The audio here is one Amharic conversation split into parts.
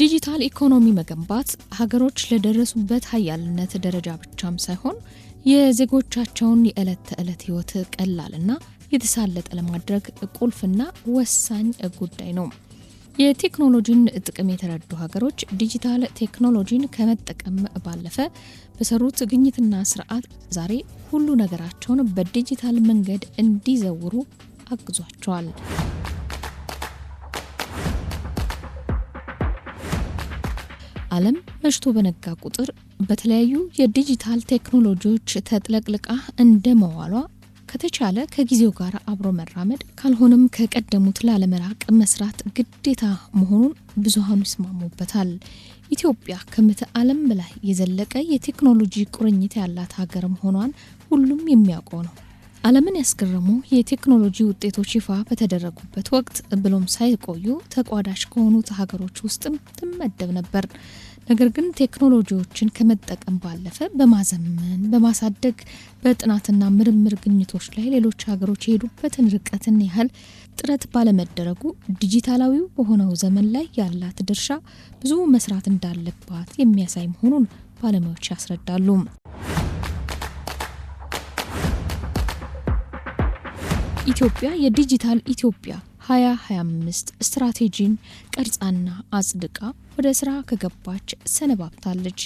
ዲጂታል ኢኮኖሚ መገንባት ሀገሮች ለደረሱበት ሀያልነት ደረጃ ብቻም ሳይሆን የዜጎቻቸውን የዕለት ተዕለት ህይወት ቀላልና የተሳለጠ ለማድረግ ቁልፍና ወሳኝ ጉዳይ ነው። የቴክኖሎጂን ጥቅም የተረዱ ሀገሮች ዲጂታል ቴክኖሎጂን ከመጠቀም ባለፈ በሰሩት ግኝትና ስርዓት ዛሬ ሁሉ ነገራቸውን በዲጂታል መንገድ እንዲዘውሩ አግዟቸዋል። ዓለም መሽቶ በነጋ ቁጥር በተለያዩ የዲጂታል ቴክኖሎጂዎች ተጥለቅልቃ እንደ መዋሏ ከተቻለ ከጊዜው ጋር አብሮ መራመድ ካልሆነም ከቀደሙት ላለመራቅ መስራት ግዴታ መሆኑን ብዙሃኑ ይስማሙበታል። ኢትዮጵያ ከምዕተ ዓለም በላይ የዘለቀ የቴክኖሎጂ ቁርኝት ያላት ሀገር መሆኗን ሁሉም የሚያውቀው ነው። ዓለምን ያስገረሙ የቴክኖሎጂ ውጤቶች ይፋ በተደረጉበት ወቅት ብሎም ሳይቆዩ ተቋዳሽ ከሆኑት ሀገሮች ውስጥም ትመደብ ነበር። ነገር ግን ቴክኖሎጂዎችን ከመጠቀም ባለፈ በማዘመን በማሳደግ በጥናትና ምርምር ግኝቶች ላይ ሌሎች ሀገሮች የሄዱበትን ርቀትን ያህል ጥረት ባለመደረጉ ዲጂታላዊው በሆነው ዘመን ላይ ያላት ድርሻ ብዙ መስራት እንዳለባት የሚያሳይ መሆኑን ባለሙያዎች ያስረዳሉ። ኢትዮጵያ የዲጂታል ኢትዮጵያ 2025 ስትራቴጂን ቀርጻና አጽድቃ ወደ ስራ ከገባች ሰነባብታለች።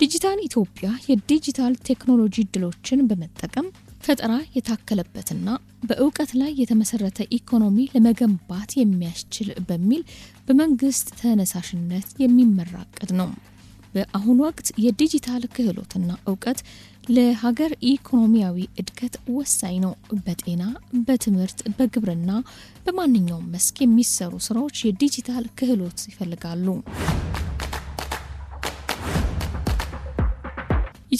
ዲጂታል ኢትዮጵያ የዲጂታል ቴክኖሎጂ ድሎችን በመጠቀም ፈጠራ የታከለበትና በእውቀት ላይ የተመሰረተ ኢኮኖሚ ለመገንባት የሚያስችል በሚል በመንግስት ተነሳሽነት የሚመራ እቅድ ነው። በአሁኑ ወቅት የዲጂታል ክህሎትና እውቀት ለሀገር ኢኮኖሚያዊ እድገት ወሳኝ ነው። በጤና፣ በትምህርት፣ በግብርና በማንኛውም መስክ የሚሰሩ ስራዎች የዲጂታል ክህሎት ይፈልጋሉ።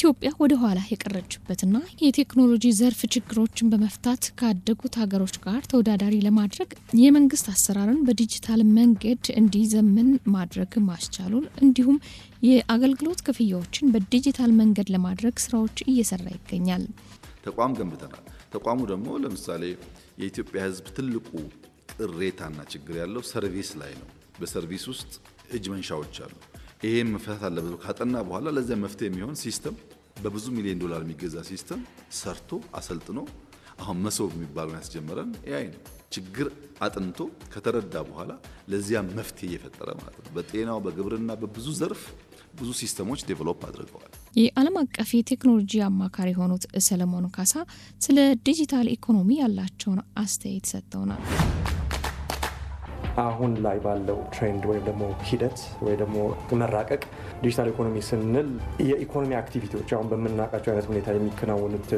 ኢትዮጵያ ወደ ኋላ የቀረችበትና የቴክኖሎጂ ዘርፍ ችግሮችን በመፍታት ካደጉት ሀገሮች ጋር ተወዳዳሪ ለማድረግ የመንግስት አሰራርን በዲጂታል መንገድ እንዲዘምን ማድረግ ማስቻሉን እንዲሁም የአገልግሎት ክፍያዎችን በዲጂታል መንገድ ለማድረግ ስራዎች እየሰራ ይገኛል። ተቋም ገንብተናል። ተቋሙ ደግሞ ለምሳሌ የኢትዮጵያ ሕዝብ ትልቁ ቅሬታና ችግር ያለው ሰርቪስ ላይ ነው። በሰርቪስ ውስጥ እጅ መንሻዎች አሉ። ይሄም መፍታት አለበት ካጠና በኋላ ለዚያ መፍትሄ የሚሆን ሲስተም በብዙ ሚሊዮን ዶላር የሚገዛ ሲስተም ሰርቶ አሰልጥኖ አሁን መሶብ የሚባለውን ያስጀመረን ኤአይ ነው። ችግር አጥንቶ ከተረዳ በኋላ ለዚያ መፍትሄ እየፈጠረ ማለት ነው። በጤናው፣ በግብርና፣ በብዙ ዘርፍ ብዙ ሲስተሞች ዴቨሎፕ አድርገዋል። የዓለም አቀፍ የቴክኖሎጂ አማካሪ የሆኑት ሰለሞን ካሳ ስለ ዲጂታል ኢኮኖሚ ያላቸውን አስተያየት ሰጥተውናል። አሁን ላይ ባለው ትሬንድ ወይም ደግሞ ሂደት ወይ ደግሞ መራቀቅ ዲጂታል ኢኮኖሚ ስንል የኢኮኖሚ አክቲቪቲዎች አሁን በምናውቃቸው አይነት ሁኔታ የሚከናወኑት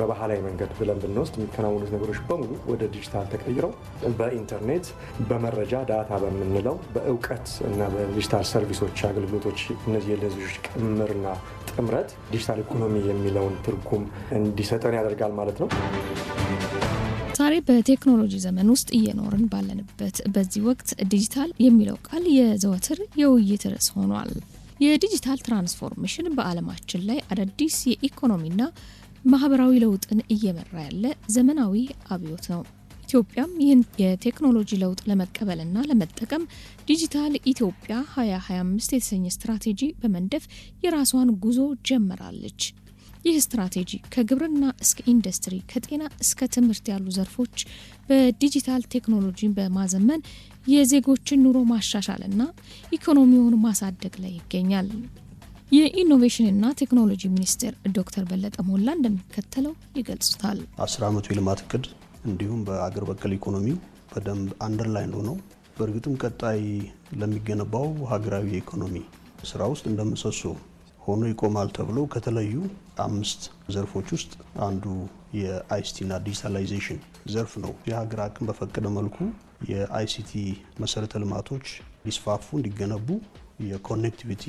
በባህላዊ መንገድ ብለን ብንወስድ የሚከናወኑት ነገሮች በሙሉ ወደ ዲጂታል ተቀይረው በኢንተርኔት በመረጃ ዳታ በምንለው በእውቀት እና በዲጂታል ሰርቪሶች አገልግሎቶች እነዚህ የለዞች ቅምርና ጥምረት ዲጂታል ኢኮኖሚ የሚለውን ትርጉም እንዲሰጠን ያደርጋል ማለት ነው። ዛሬ በቴክኖሎጂ ዘመን ውስጥ እየኖርን ባለንበት በዚህ ወቅት ዲጂታል የሚለው ቃል የዘወትር የውይይት ርዕስ ሆኗል። የዲጂታል ትራንስፎርሜሽን በዓለማችን ላይ አዳዲስ የኢኮኖሚና ማህበራዊ ለውጥን እየመራ ያለ ዘመናዊ አብዮት ነው። ኢትዮጵያም ይህን የቴክኖሎጂ ለውጥ ለመቀበልና ለመጠቀም ዲጂታል ኢትዮጵያ 2025 የተሰኘ ስትራቴጂ በመንደፍ የራሷን ጉዞ ጀምራለች። ይህ ስትራቴጂ ከግብርና እስከ ኢንዱስትሪ፣ ከጤና እስከ ትምህርት ያሉ ዘርፎች በዲጂታል ቴክኖሎጂን በማዘመን የዜጎችን ኑሮ ማሻሻልና ኢኮኖሚውን ማሳደግ ላይ ይገኛል። የኢኖቬሽንና ቴክኖሎጂ ሚኒስቴር ዶክተር በለጠ ሞላ እንደሚከተለው ይገልጹታል። አስር አመቱ የልማት እቅድ እንዲሁም በአገር በቀል ኢኮኖሚው በደንብ አንደርላይን ነው። በእርግጥም ቀጣይ ለሚገነባው ሀገራዊ የኢኮኖሚ ስራ ውስጥ እንደምሰሶ ሆኖ ይቆማል ተብሎ ከተለዩ አምስት ዘርፎች ውስጥ አንዱ የአይሲቲና ዲጂታላይዜሽን ዘርፍ ነው። የሀገር አቅም በፈቀደ መልኩ የአይሲቲ መሰረተ ልማቶች እንዲስፋፉ እንዲገነቡ፣ የኮኔክቲቪቲ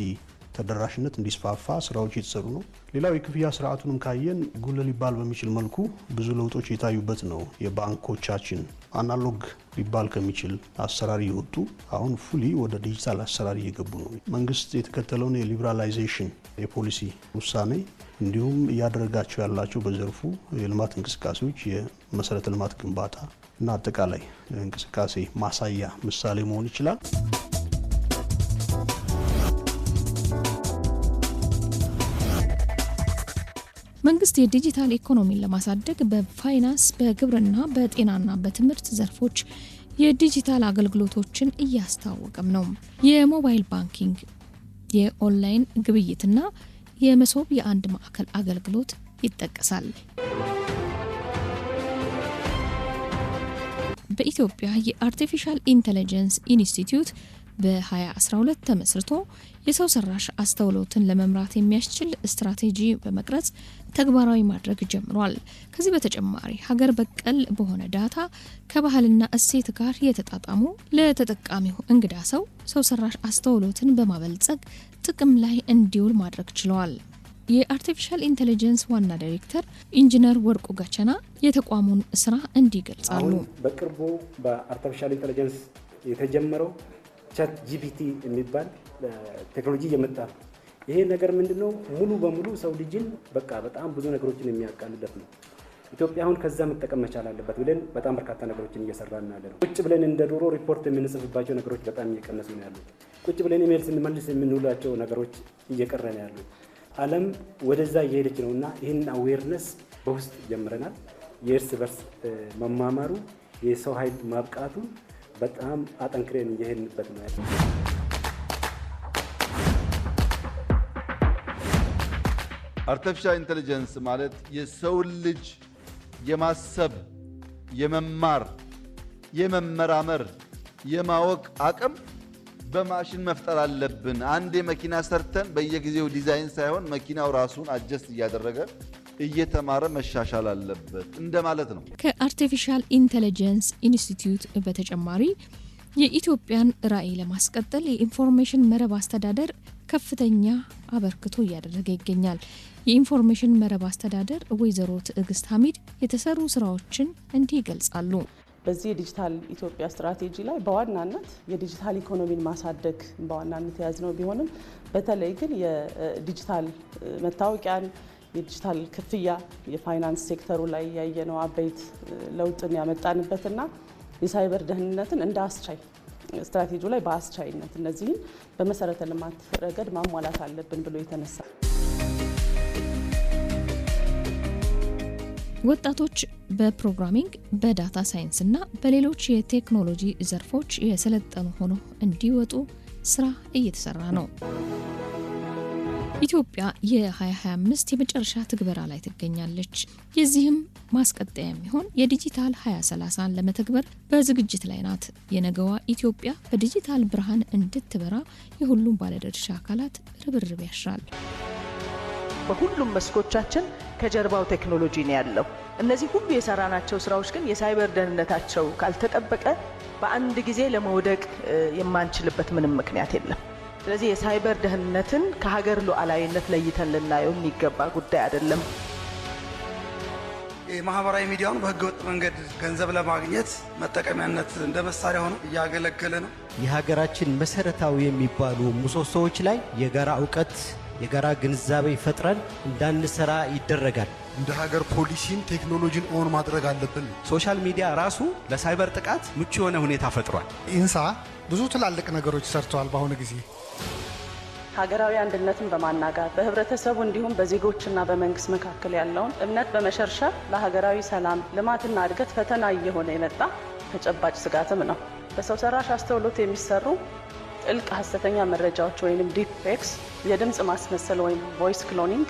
ተደራሽነት እንዲስፋፋ ስራዎች እየተሰሩ ነው። ሌላው የክፍያ ስርዓቱንም ካየን ጉል ሊባል በሚችል መልኩ ብዙ ለውጦች የታዩበት ነው። የባንኮቻችን አናሎግ ሊባል ከሚችል አሰራር እየወጡ አሁን ፉሊ ወደ ዲጂታል አሰራር እየገቡ ነው። መንግስት የተከተለውን የሊብራላይዜሽን የፖሊሲ ውሳኔ እንዲሁም እያደረጋቸው ያላቸው በዘርፉ የልማት እንቅስቃሴዎች የመሰረተ ልማት ግንባታ እና አጠቃላይ እንቅስቃሴ ማሳያ ምሳሌ መሆን ይችላል። መንግስት የዲጂታል ኢኮኖሚን ለማሳደግ በፋይናንስ፣ በግብርና፣ በጤናና በትምህርት ዘርፎች የዲጂታል አገልግሎቶችን እያስተዋወቀም ነው። የሞባይል ባንኪንግ የኦንላይን ግብይትና የመሶብ የአንድ ማዕከል አገልግሎት ይጠቀሳል። በኢትዮጵያ የአርቲፊሻል ኢንቴሊጀንስ ኢንስቲትዩት በ2012 ተመስርቶ የሰው ሰራሽ አስተውሎትን ለመምራት የሚያስችል ስትራቴጂ በመቅረጽ ተግባራዊ ማድረግ ጀምሯል። ከዚህ በተጨማሪ ሀገር በቀል በሆነ ዳታ ከባህልና እሴት ጋር የተጣጣሙ ለተጠቃሚው እንግዳ ሰው ሰው ሰራሽ አስተውሎትን በማበልጸግ ጥቅም ላይ እንዲውል ማድረግ ችለዋል። የአርቲፊሻል ኢንቴሊጀንስ ዋና ዳይሬክተር ኢንጂነር ወርቁ ጋቸና የተቋሙን ስራ እንዲገልጻሉ። በቅርቡ በአርቲፊሻል ኢንቴሊጀንስ የተጀመረው ቻት ጂፒቲ የሚባል ቴክኖሎጂ እየመጣ ነው። ይሄ ነገር ምንድነው ሙሉ በሙሉ ሰው ልጅን በቃ በጣም ብዙ ነገሮችን የሚያቃልለት ነው። ኢትዮጵያ አሁን ከዛ መጠቀም መቻል አለበት ብለን በጣም በርካታ ነገሮችን እየሰራን ያለ ነው። ቁጭ ብለን እንደ ዶሮ ሪፖርት የምንጽፍባቸው ነገሮች በጣም እየቀነሱ ነው ያሉት። ቁጭ ብለን ኢሜል ስንመልስ የምንውላቸው ነገሮች እየቀረ ነው ያሉት። ዓለም ወደዛ እየሄደች ነው እና ይህን አዌርነስ በውስጥ ጀምረናል። የእርስ በርስ መማማሩ የሰው ኃይል ማብቃቱን? በጣም አጠንክሬን እየሄድንበት ነው ያለ አርቲፊሻል ኢንቴሊጀንስ ማለት የሰውን ልጅ የማሰብ የመማር የመመራመር የማወቅ አቅም በማሽን መፍጠር አለብን። አንድ መኪና ሰርተን በየጊዜው ዲዛይን ሳይሆን መኪናው ራሱን አጀስት እያደረገ እየተማረ መሻሻል አለበት እንደማለት ነው። ከአርቲፊሻል ኢንቴሊጀንስ ኢንስቲትዩት በተጨማሪ የኢትዮጵያን ራዕይ ለማስቀጠል የኢንፎርሜሽን መረብ አስተዳደር ከፍተኛ አበርክቶ እያደረገ ይገኛል። የኢንፎርሜሽን መረብ አስተዳደር ወይዘሮ ትዕግስት ሀሚድ የተሰሩ ስራዎችን እንዲህ ይገልጻሉ። በዚህ የዲጂታል ኢትዮጵያ ስትራቴጂ ላይ በዋናነት የዲጂታል ኢኮኖሚን ማሳደግ በዋናነት የያዝነው ቢሆንም በተለይ ግን የዲጂታል መታወቂያን የዲጂታል ክፍያ የፋይናንስ ሴክተሩ ላይ ያየነው አበይት ለውጥን ያመጣንበትና የሳይበር ደህንነትን እንደ አስቻይ ስትራቴጂ ላይ በአስቻይነት እነዚህን በመሰረተ ልማት ረገድ ማሟላት አለብን ብሎ የተነሳ ወጣቶች በፕሮግራሚንግ በዳታ ሳይንስ እና በሌሎች የቴክኖሎጂ ዘርፎች የሰለጠኑ ሆኖ እንዲወጡ ስራ እየተሰራ ነው። ኢትዮጵያ የ2025 የመጨረሻ ትግበራ ላይ ትገኛለች። የዚህም ማስቀጠያ የሚሆን የዲጂታል 2030ን ለመተግበር በዝግጅት ላይ ናት። የነገዋ ኢትዮጵያ በዲጂታል ብርሃን እንድትበራ የሁሉም ባለድርሻ አካላት ርብርብ ያሻል። በሁሉም መስኮቻችን ከጀርባው ቴክኖሎጂ ነው ያለው። እነዚህ ሁሉ የሰራናቸው ስራዎች ግን የሳይበር ደህንነታቸው ካልተጠበቀ በአንድ ጊዜ ለመውደቅ የማንችልበት ምንም ምክንያት የለም። ስለዚህ የሳይበር ደህንነትን ከሀገር ሉዓላዊነት ለይተን ልናየው የሚገባ ጉዳይ አይደለም። የማህበራዊ ሚዲያውን በህገወጥ መንገድ ገንዘብ ለማግኘት መጠቀሚያነት እንደ መሳሪያ ሆኖ እያገለገለ ነው። የሀገራችን መሰረታዊ የሚባሉ ምሰሶዎች ላይ የጋራ እውቀት፣ የጋራ ግንዛቤ ፈጥረን እንዳንሰራ ይደረጋል። እንደ ሀገር ፖሊሲን ቴክኖሎጂን ኦን ማድረግ አለብን። ሶሻል ሚዲያ ራሱ ለሳይበር ጥቃት ምቹ የሆነ ሁኔታ ፈጥሯል። ኢንሳ ብዙ ትላልቅ ነገሮች ሰርተዋል። በአሁኑ ጊዜ ሀገራዊ አንድነትን በማናጋት በህብረተሰቡ እንዲሁም በዜጎችና በመንግስት መካከል ያለውን እምነት በመሸርሸር ለሀገራዊ ሰላም ልማትና እድገት ፈተና እየሆነ የመጣ ተጨባጭ ስጋትም ነው። በሰው ሰራሽ አስተውሎት የሚሰሩ ጥልቅ ሀሰተኛ መረጃዎች ወይም ዲፕፌክስ፣ የድምፅ ማስመሰል ወይም ቮይስ ክሎኒንግ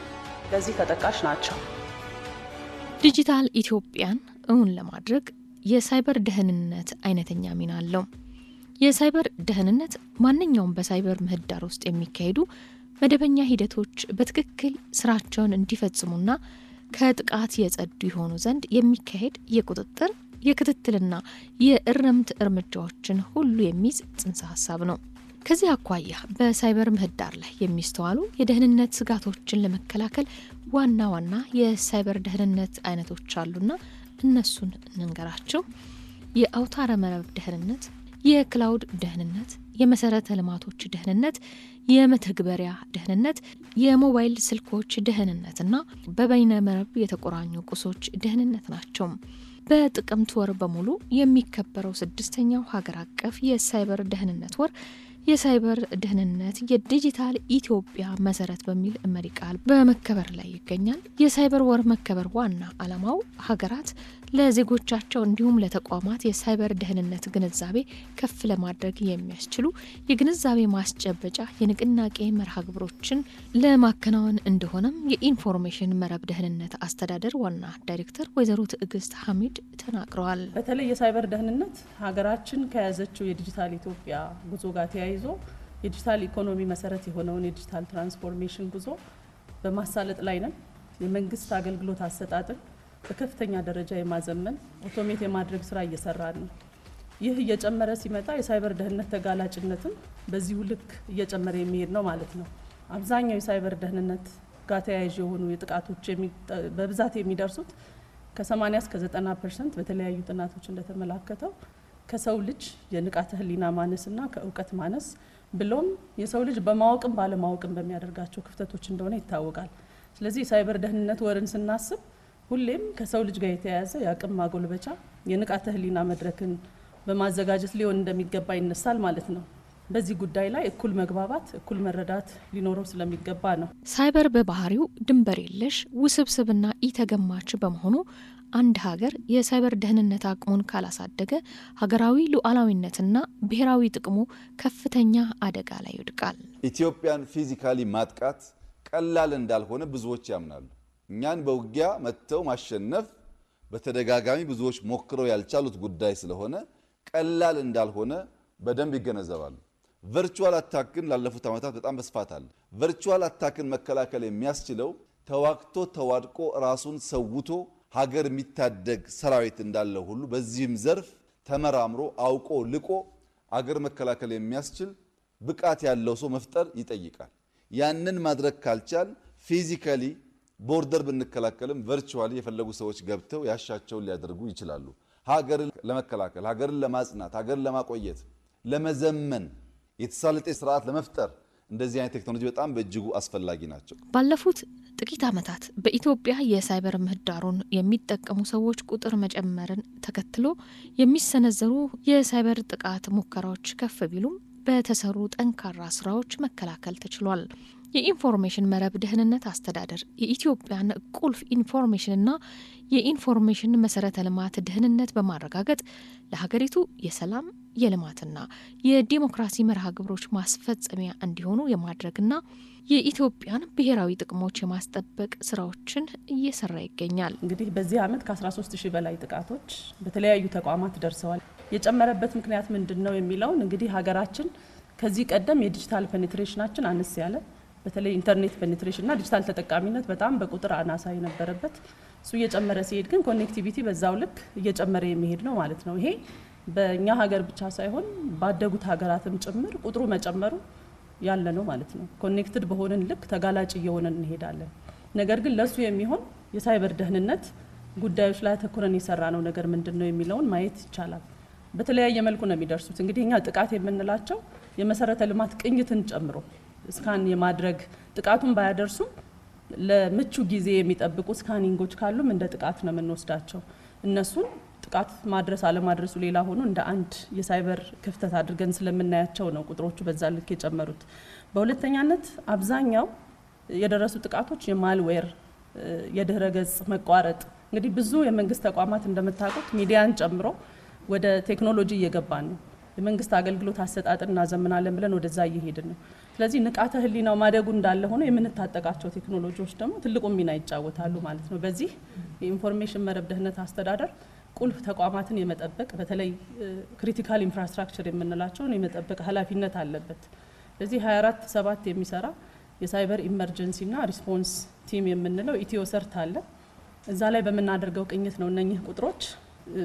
ለዚህ ተጠቃሽ ናቸው። ዲጂታል ኢትዮጵያን እውን ለማድረግ የሳይበር ደህንነት አይነተኛ ሚና አለው። የሳይበር ደህንነት ማንኛውም በሳይበር ምህዳር ውስጥ የሚካሄዱ መደበኛ ሂደቶች በትክክል ስራቸውን እንዲፈጽሙና ከጥቃት የጸዱ የሆኑ ዘንድ የሚካሄድ የቁጥጥር የክትትልና የእርምት እርምጃዎችን ሁሉ የሚይዝ ጽንሰ ሀሳብ ነው። ከዚህ አኳያ በሳይበር ምህዳር ላይ የሚስተዋሉ የደህንነት ስጋቶችን ለመከላከል ዋና ዋና የሳይበር ደህንነት አይነቶች አሉና እነሱን እንንገራቸው። የአውታረ መረብ ደህንነት የክላውድ ደህንነት፣ የመሰረተ ልማቶች ደህንነት፣ የመተግበሪያ ደህንነት፣ የሞባይል ስልኮች ደህንነት እና በበይነ መረብ የተቆራኙ ቁሶች ደህንነት ናቸው። በጥቅምት ወር በሙሉ የሚከበረው ስድስተኛው ሀገር አቀፍ የሳይበር ደህንነት ወር የሳይበር ደህንነት የዲጂታል ኢትዮጵያ መሰረት በሚል መሪ ቃል በመከበር ላይ ይገኛል። የሳይበር ወር መከበር ዋና ዓላማው ሀገራት ለዜጎቻቸው እንዲሁም ለተቋማት የሳይበር ደህንነት ግንዛቤ ከፍ ለማድረግ የሚያስችሉ የግንዛቤ ማስጨበጫ የንቅናቄ መርሃ ግብሮችን ለማከናወን እንደሆነም የኢንፎርሜሽን መረብ ደህንነት አስተዳደር ዋና ዳይሬክተር ወይዘሮ ትዕግስት ሀሚድ ተናግረዋል። በተለይ የሳይበር ደህንነት ሀገራችን ከያዘችው የዲጂታል ኢትዮጵያ ጉዞ ጋር ተያይዞ የዲጂታል ኢኮኖሚ መሰረት የሆነውን የዲጂታል ትራንስፎርሜሽን ጉዞ በማሳለጥ ላይ ነን። የመንግስት አገልግሎት አሰጣጥን በከፍተኛ ደረጃ የማዘመን ኦቶሜት የማድረግ ስራ እየሰራ ነው። ይህ እየጨመረ ሲመጣ የሳይበር ደህንነት ተጋላጭነትም በዚሁ ልክ እየጨመረ የሚሄድ ነው ማለት ነው። አብዛኛው የሳይበር ደህንነት ጋር ተያያዥ የሆኑ የጥቃቶች በብዛት የሚደርሱት ከ80 እስከ 90 ፐርሰንት በተለያዩ ጥናቶች እንደተመላከተው ከሰው ልጅ የንቃተ ህሊና ማነስና ከእውቀት ማነስ ብሎም የሰው ልጅ በማወቅም ባለማወቅም በሚያደርጋቸው ክፍተቶች እንደሆነ ይታወቃል። ስለዚህ የሳይበር ደህንነት ወርን ስናስብ ሁሌም ከሰው ልጅ ጋር የተያያዘ የአቅም ማጎልበቻ የንቃተ ህሊና መድረክን በማዘጋጀት ሊሆን እንደሚገባ ይነሳል ማለት ነው። በዚህ ጉዳይ ላይ እኩል መግባባት፣ እኩል መረዳት ሊኖረው ስለሚገባ ነው። ሳይበር በባህሪው ድንበር የለሽ ውስብስብና ኢተገማች በመሆኑ አንድ ሀገር የሳይበር ደህንነት አቅሙን ካላሳደገ ሀገራዊ ሉዓላዊነትና ብሔራዊ ጥቅሙ ከፍተኛ አደጋ ላይ ይወድቃል። ኢትዮጵያን ፊዚካሊ ማጥቃት ቀላል እንዳልሆነ ብዙዎች ያምናሉ። እኛን በውጊያ መጥተው ማሸነፍ በተደጋጋሚ ብዙዎች ሞክረው ያልቻሉት ጉዳይ ስለሆነ ቀላል እንዳልሆነ በደንብ ይገነዘባሉ። ቨርቹዋል አታክን ላለፉት ዓመታት በጣም በስፋት አለ። ቨርቹዋል አታክን መከላከል የሚያስችለው ተዋግቶ ተዋድቆ ራሱን ሰውቶ ሀገር የሚታደግ ሰራዊት እንዳለው ሁሉ በዚህም ዘርፍ ተመራምሮ አውቆ ልቆ አገር መከላከል የሚያስችል ብቃት ያለው ሰው መፍጠር ይጠይቃል። ያንን ማድረግ ካልቻል ፊዚካሊ ቦርደር ብንከላከልም ቨርቹዋሊ የፈለጉ ሰዎች ገብተው ያሻቸውን ሊያደርጉ ይችላሉ። ሀገርን ለመከላከል፣ ሀገርን ለማጽናት፣ ሀገርን ለማቆየት፣ ለመዘመን የተሳለጠ ስርዓት ለመፍጠር እንደዚህ አይነት ቴክኖሎጂ በጣም በእጅጉ አስፈላጊ ናቸው። ባለፉት ጥቂት ዓመታት በኢትዮጵያ የሳይበር ምህዳሩን የሚጠቀሙ ሰዎች ቁጥር መጨመርን ተከትሎ የሚሰነዘሩ የሳይበር ጥቃት ሙከራዎች ከፍ ቢሉም በተሰሩ ጠንካራ ስራዎች መከላከል ተችሏል። የኢንፎርሜሽን መረብ ደህንነት አስተዳደር የኢትዮጵያን ቁልፍ ኢንፎርሜሽንና የኢንፎርሜሽን መሰረተ ልማት ደህንነት በማረጋገጥ ለሀገሪቱ የሰላም የልማትና የዲሞክራሲ መርሃ ግብሮች ማስፈጸሚያ እንዲሆኑ የማድረግና የኢትዮጵያን ብሔራዊ ጥቅሞች የማስጠበቅ ስራዎችን እየሰራ ይገኛል። እንግዲህ በዚህ ዓመት ከ13 ሺህ በላይ ጥቃቶች በተለያዩ ተቋማት ደርሰዋል። የጨመረበት ምክንያት ምንድን ነው የሚለውን እንግዲህ ሀገራችን ከዚህ ቀደም የዲጂታል ፔኔትሬሽናችን አነስ ያለ በተለይ ኢንተርኔት ፔኔትሬሽን እና ዲጂታል ተጠቃሚነት በጣም በቁጥር አናሳ የነበረበት እሱ እየጨመረ ሲሄድ ግን ኮኔክቲቪቲ በዛው ልክ እየጨመረ የሚሄድ ነው ማለት ነው። ይሄ በእኛ ሀገር ብቻ ሳይሆን ባደጉት ሀገራትም ጭምር ቁጥሩ መጨመሩ ያለ ነው ማለት ነው። ኮኔክትድ በሆንን ልክ ተጋላጭ እየሆነን እንሄዳለን። ነገር ግን ለሱ የሚሆን የሳይበር ደህንነት ጉዳዮች ላይ አተኩረን የሰራ ነው ነገር ምንድን ነው የሚለውን ማየት ይቻላል። በተለያየ መልኩ ነው የሚደርሱት። እንግዲህ እኛ ጥቃት የምንላቸው የመሰረተ ልማት ቅኝትን ጨምሮ እስካን የማድረግ ጥቃቱን ባያደርሱም ለምቹ ጊዜ የሚጠብቁ ስካኒንጎች ካሉም እንደ ጥቃት ነው የምንወስዳቸው እነሱን ጥቃት ማድረስ አለማድረሱ ሌላ ሆኖ እንደ አንድ የሳይበር ክፍተት አድርገን ስለምናያቸው ነው ቁጥሮቹ በዛ ልክ የጨመሩት። በሁለተኛነት አብዛኛው የደረሱ ጥቃቶች የማልዌር የድህረ ገጽ መቋረጥ እንግዲህ ብዙ የመንግስት ተቋማት እንደምታውቁት ሚዲያን ጨምሮ ወደ ቴክኖሎጂ እየገባን ነው። የመንግስት አገልግሎት አሰጣጥን እናዘምናለን ብለን ወደዛ እየሄድን ነው። ስለዚህ ንቃተ ህሊናው ማደጉ እንዳለ ሆነ የምንታጠቃቸው ቴክኖሎጂዎች ደግሞ ትልቁ ሚና ይጫወታሉ ማለት ነው። በዚህ የኢንፎርሜሽን መረብ ደህንነት አስተዳደር ቁልፍ ተቋማትን የመጠበቅ በተለይ ክሪቲካል ኢንፍራስትራክቸር የምንላቸውን የመጠበቅ ኃላፊነት አለበት። ለዚህ 24 ሰባት የሚሰራ የሳይበር ኢመርጀንሲና ሪስፖንስ ቲም የምንለው ኢትዮ ሰርት አለ። እዛ ላይ በምናደርገው ቅኝት ነው እነኚህ ቁጥሮች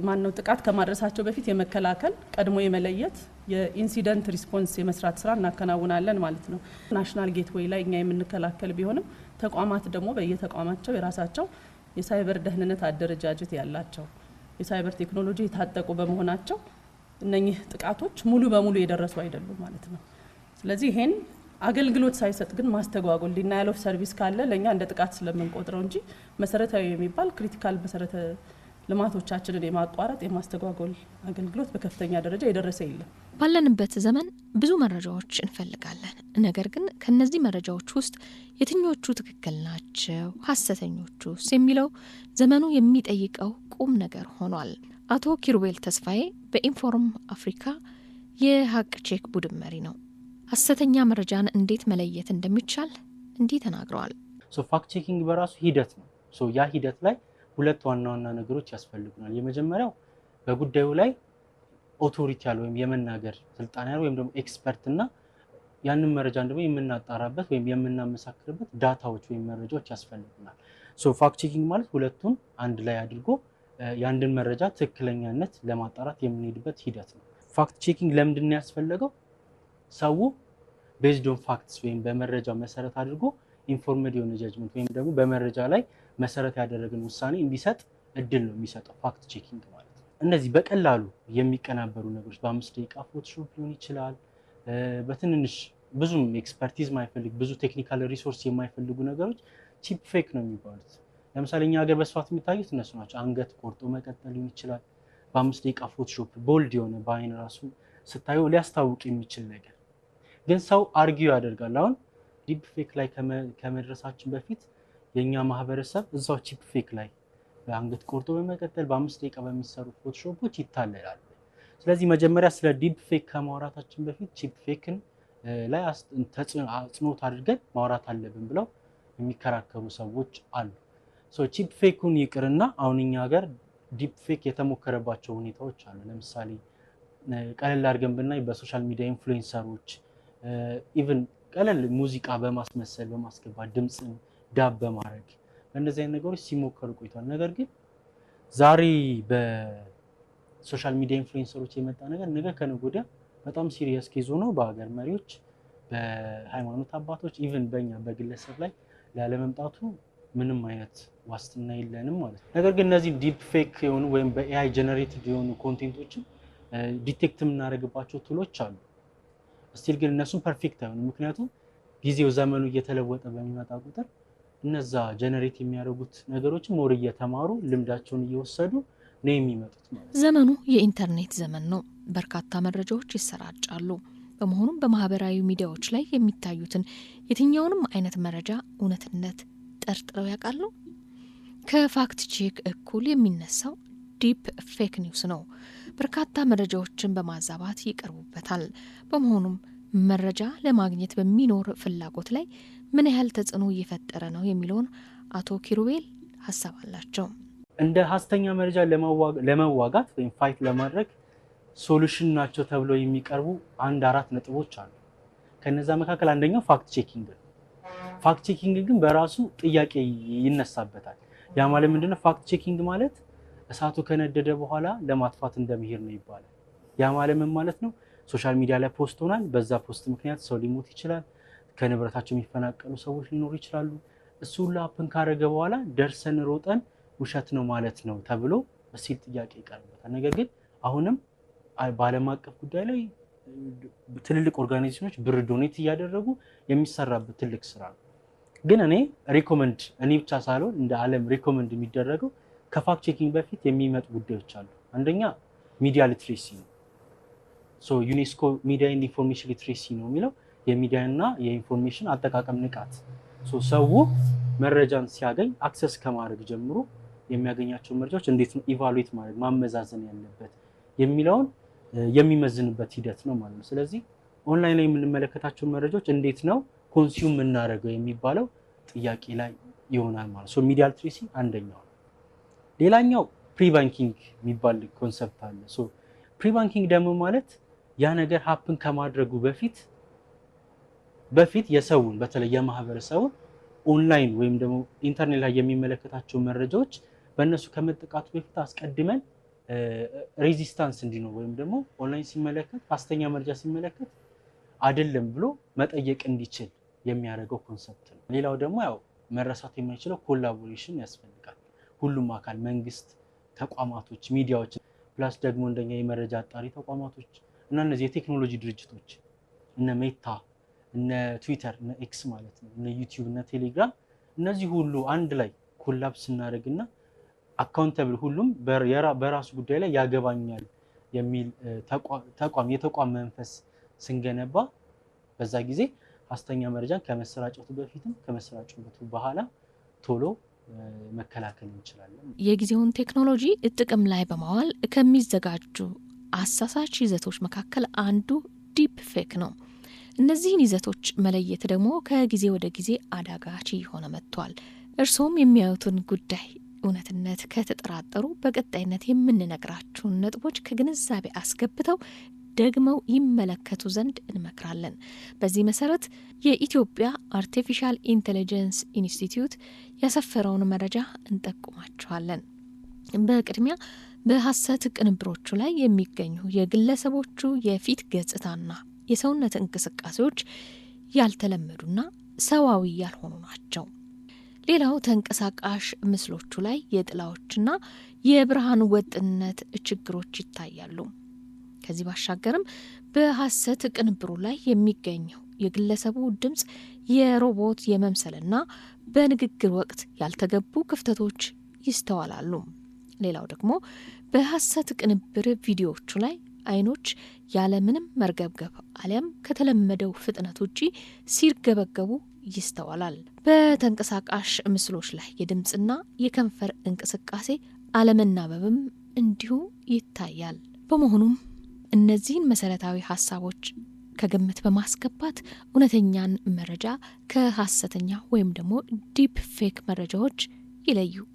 ማነው ጥቃት ከማድረሳቸው በፊት የመከላከል ቀድሞ የመለየት የኢንሲደንት ሪስፖንስ የመስራት ስራ እናከናውናለን ማለት ነው። ናሽናል ጌትዌይ ላይ እኛ የምንከላከል ቢሆንም ተቋማት ደግሞ በየተቋማቸው የራሳቸው የሳይበር ደህንነት አደረጃጀት ያላቸው የሳይበር ቴክኖሎጂ የታጠቁ በመሆናቸው እነኚህ ጥቃቶች ሙሉ በሙሉ የደረሱ አይደሉም ማለት ነው። ስለዚህ ይሄን አገልግሎት ሳይሰጥ ግን ማስተጓጎል ዲናይል ኦፍ ሰርቪስ ካለ ለእኛ እንደ ጥቃት ስለምንቆጥረው እንጂ መሰረታዊ የሚባል ክሪቲካል መሰረተ ልማቶቻችንን የማቋረጥ የማስተጓጎል አገልግሎት በከፍተኛ ደረጃ የደረሰ የለም። ባለንበት ዘመን ብዙ መረጃዎች እንፈልጋለን። ነገር ግን ከእነዚህ መረጃዎች ውስጥ የትኞቹ ትክክል ናቸው፣ ሀሰተኞቹስ የሚለው ዘመኑ የሚጠይቀው ቁም ነገር ሆኗል። አቶ ኪሩቤል ተስፋዬ በኢንፎርም አፍሪካ የሀቅ ቼክ ቡድን መሪ ነው። ሀሰተኛ መረጃን እንዴት መለየት እንደሚቻል እንዲህ ተናግረዋል። ፋክት ቼኪንግ በራሱ ሂደት ነው። ያ ሂደት ላይ ሁለት ዋና ዋና ነገሮች ያስፈልጉናል። የመጀመሪያው በጉዳዩ ላይ ኦቶሪቲ ያለ ወይም የመናገር ስልጣን ያለ ወይም ደግሞ ኤክስፐርት እና ያንን መረጃን ደግሞ የምናጣራበት ወይም የምናመሳክርበት ዳታዎች ወይም መረጃዎች ያስፈልጉናል። ሶ ፋክት ቼኪንግ ማለት ሁለቱን አንድ ላይ አድርጎ የአንድን መረጃ ትክክለኛነት ለማጣራት የምንሄድበት ሂደት ነው። ፋክት ቼኪንግ ለምንድን ነው ያስፈለገው? ሰው ቤዝድ ኦን ፋክትስ ወይም በመረጃ መሰረት አድርጎ ኢንፎርሜድ የሆነ ጃጅመንት ወይም ደግሞ በመረጃ ላይ መሰረት ያደረግን ውሳኔ እንዲሰጥ እድል ነው የሚሰጠው ፋክት ቼኪንግ ማለት እነዚህ በቀላሉ የሚቀናበሩ ነገሮች በአምስት ደቂቃ ፎቶሾፕ ሊሆን ይችላል በትንንሽ ብዙም ኤክስፐርቲዝ ማይፈልግ ብዙ ቴክኒካል ሪሶርስ የማይፈልጉ ነገሮች ቺፕ ፌክ ነው የሚባሉት። ለምሳሌ እኛ ሀገር በስፋት የሚታዩት እነሱ ናቸው። አንገት ቆርጦ መቀጠል ሊሆን ይችላል። በአምስት ደቂቃ ፎቶሾፕ ቦልድ የሆነ በአይን ራሱ ስታዩ ሊያስታውቅ የሚችል ነገር ግን ሰው አርጊው ያደርጋል። አሁን ዲፕ ፌክ ላይ ከመድረሳችን በፊት የእኛ ማህበረሰብ እዛው ቺፕ ፌክ ላይ በአንገት ቆርጦ በመቀጠል በአምስት ደቂቃ በሚሰሩ ፎቶሾፖች ይታለላል። ስለዚህ መጀመሪያ ስለ ዲፕ ፌክ ከማውራታችን በፊት ቺፕ ፌክን ላይ አጽንኦት አድርገን ማውራት አለብን ብለው የሚከራከሩ ሰዎች አሉ። ቺፕ ፌኩን ይቅርና አሁን እኛ ሀገር ዲፕ ፌክ የተሞከረባቸው ሁኔታዎች አሉ። ለምሳሌ ቀለል አድርገን ብናይ በሶሻል ሚዲያ ኢንፍሉዌንሰሮች ኢቭን ቀለል ሙዚቃ በማስመሰል በማስገባት ድምፅን ዳብ በማድረግ በእነዚህ አይነት ነገሮች ሲሞከሩ ቆይቷል። ነገር ግን ዛሬ ሶሻል ሚዲያ ኢንፍሉዌንሰሮች የመጣ ነገር ነገ ከነገ ወዲያ በጣም ሲሪየስ ኬዝ ሆኖ በሀገር መሪዎች፣ በሃይማኖት አባቶች ኢቨን በእኛ በግለሰብ ላይ ላለመምጣቱ ምንም አይነት ዋስትና የለንም ማለት ነው። ነገር ግን እነዚህ ዲፕ ፌክ የሆኑ ወይም በኤአይ ጀነሬትድ የሆኑ ኮንቴንቶችን ዲቴክት የምናደርግባቸው ቱሎች አሉ። ስቲል ግን እነሱም ፐርፌክት አይሆኑ፣ ምክንያቱም ጊዜው ዘመኑ እየተለወጠ በሚመጣ ቁጥር እነዛ ጀነሬት የሚያደርጉት ነገሮችን ሞር እየተማሩ ልምዳቸውን እየወሰዱ ነው የሚመጡት። ዘመኑ የኢንተርኔት ዘመን ነው። በርካታ መረጃዎች ይሰራጫሉ። በመሆኑም በማህበራዊ ሚዲያዎች ላይ የሚታዩትን የትኛውንም አይነት መረጃ እውነትነት ጠርጥረው ያውቃሉ? ከፋክት ቼክ እኩል የሚነሳው ዲፕ ፌክ ኒውስ ነው። በርካታ መረጃዎችን በማዛባት ይቀርቡበታል። በመሆኑም መረጃ ለማግኘት በሚኖር ፍላጎት ላይ ምን ያህል ተጽዕኖ እየፈጠረ ነው የሚለውን አቶ ኪሩቤል ሀሳብ አላቸው። እንደ ሀሰተኛ መረጃ ለመዋጋት ወይም ፋይት ለማድረግ ሶሉሽን ናቸው ተብለው የሚቀርቡ አንድ አራት ነጥቦች አሉ። ከነዛ መካከል አንደኛው ፋክት ቼኪንግ ነው። ፋክት ቼኪንግ ግን በራሱ ጥያቄ ይነሳበታል። ያ ማለት ምንድነው? ፋክት ቼኪንግ ማለት እሳቱ ከነደደ በኋላ ለማጥፋት እንደመሄድ ነው ይባላል። ያ ማለት ምን ማለት ነው? ሶሻል ሚዲያ ላይ ፖስት ሆናል። በዛ ፖስት ምክንያት ሰው ሊሞት ይችላል። ከንብረታቸው የሚፈናቀሉ ሰዎች ሊኖሩ ይችላሉ። እሱ ሁሉ አፕን ካረገ በኋላ ደርሰን ሮጠን ውሸት ነው ማለት ነው ተብሎ በሲል ጥያቄ ይቀርብበታል ነገር ግን አሁንም በዓለም አቀፍ ጉዳይ ላይ ትልልቅ ኦርጋናይዜሽኖች ብር ዶኔት እያደረጉ የሚሰራበት ትልቅ ስራ ነው። ግን እኔ ሪኮመንድ እኔ ብቻ ሳልሆን እንደ ዓለም ሪኮመንድ የሚደረገው ከፋክት ቼኪንግ በፊት የሚመጡ ጉዳዮች አሉ። አንደኛ ሚዲያ ሊትሬሲ ነው። ዩኔስኮ ሚዲያ ኤንድ ኢንፎርሜሽን ሊትሬሲ ነው የሚለው የሚዲያና የኢንፎርሜሽን አጠቃቀም ንቃት ሰው መረጃን ሲያገኝ አክሰስ ከማድረግ ጀምሮ የሚያገኛቸው መረጃዎች እንዴት ነው ኢቫሉዌት ማድረግ ማመዛዘን ያለበት የሚለውን የሚመዝንበት ሂደት ነው ማለት ነው። ስለዚህ ኦንላይን ላይ የምንመለከታቸው መረጃዎች እንዴት ነው ኮንሱም የምናደርገው የሚባለው ጥያቄ ላይ ይሆናል ማለት ነው። ሚዲያ ሊትሬሲ አንደኛው ነው። ሌላኛው ፕሪ ባንኪንግ የሚባል ኮንሰፕት አለ። ፕሪ ባንኪንግ ደግሞ ማለት ያ ነገር ሀፕን ከማድረጉ በፊት በፊት የሰውን በተለይ የማህበረሰቡን ኦንላይን ወይም ደግሞ ኢንተርኔት ላይ የሚመለከታቸው መረጃዎች በእነሱ ከመጠቃቱ በፊት አስቀድመን ሬዚስታንስ እንዲኖር ወይም ደግሞ ኦንላይን ሲመለከት ሐሰተኛ መረጃ ሲመለከት አይደለም ብሎ መጠየቅ እንዲችል የሚያደርገው ኮንሰፕት ነው። ሌላው ደግሞ ያው መረሳት የማይችለው ኮላቦሬሽን ያስፈልጋል። ሁሉም አካል መንግስት፣ ተቋማቶች፣ ሚዲያዎች ፕላስ ደግሞ እንደኛ የመረጃ አጣሪ ተቋማቶች እና እነዚህ የቴክኖሎጂ ድርጅቶች እነ ሜታ፣ እነ ትዊተር፣ እነ ኤክስ ማለት ነው፣ እነ ዩቲዩብ፣ እነ ቴሌግራም እነዚህ ሁሉ አንድ ላይ ኮላብ ስናደርግና አካውንተብል ሁሉም በራሱ ጉዳይ ላይ ያገባኛል የሚል ተቋም የተቋም መንፈስ ስንገነባ በዛ ጊዜ ሐሰተኛ መረጃን ከመሰራጨቱ በፊትም ከመሰራጨቱ በኋላ ቶሎ መከላከል እንችላለን። የጊዜውን ቴክኖሎጂ ጥቅም ላይ በማዋል ከሚዘጋጁ አሳሳች ይዘቶች መካከል አንዱ ዲፕ ፌክ ነው። እነዚህን ይዘቶች መለየት ደግሞ ከጊዜ ወደ ጊዜ አዳጋች እየሆነ መጥቷል። እርስዎም የሚያዩትን ጉዳይ እውነትነት ከተጠራጠሩ በቀጣይነት የምንነግራችሁን ነጥቦች ከግንዛቤ አስገብተው ደግመው ይመለከቱ ዘንድ እንመክራለን። በዚህ መሰረት የኢትዮጵያ አርቲፊሻል ኢንቴሊጀንስ ኢንስቲትዩት ያሰፈረውን መረጃ እንጠቁማችኋለን። በቅድሚያ በሀሰት ቅንብሮቹ ላይ የሚገኙ የግለሰቦቹ የፊት ገጽታና የሰውነት እንቅስቃሴዎች ያልተለመዱና ሰዋዊ ያልሆኑ ናቸው። ሌላው ተንቀሳቃሽ ምስሎቹ ላይ የጥላዎችና የብርሃን ወጥነት ችግሮች ይታያሉ። ከዚህ ባሻገርም በሀሰት ቅንብሩ ላይ የሚገኘው የግለሰቡ ድምፅ የሮቦት የመምሰልና በንግግር ወቅት ያልተገቡ ክፍተቶች ይስተዋላሉ። ሌላው ደግሞ በሀሰት ቅንብር ቪዲዮዎቹ ላይ አይኖች ያለምንም መርገብገብ አሊያም ከተለመደው ፍጥነት ውጪ ሲርገበገቡ ይስተዋላል። በተንቀሳቃሽ ምስሎች ላይ የድምፅና የከንፈር እንቅስቃሴ አለመናበብም እንዲሁ ይታያል። በመሆኑም እነዚህን መሰረታዊ ሀሳቦች ከግምት በማስገባት እውነተኛን መረጃ ከሀሰተኛ ወይም ደግሞ ዲፕ ፌክ መረጃዎች ይለዩ።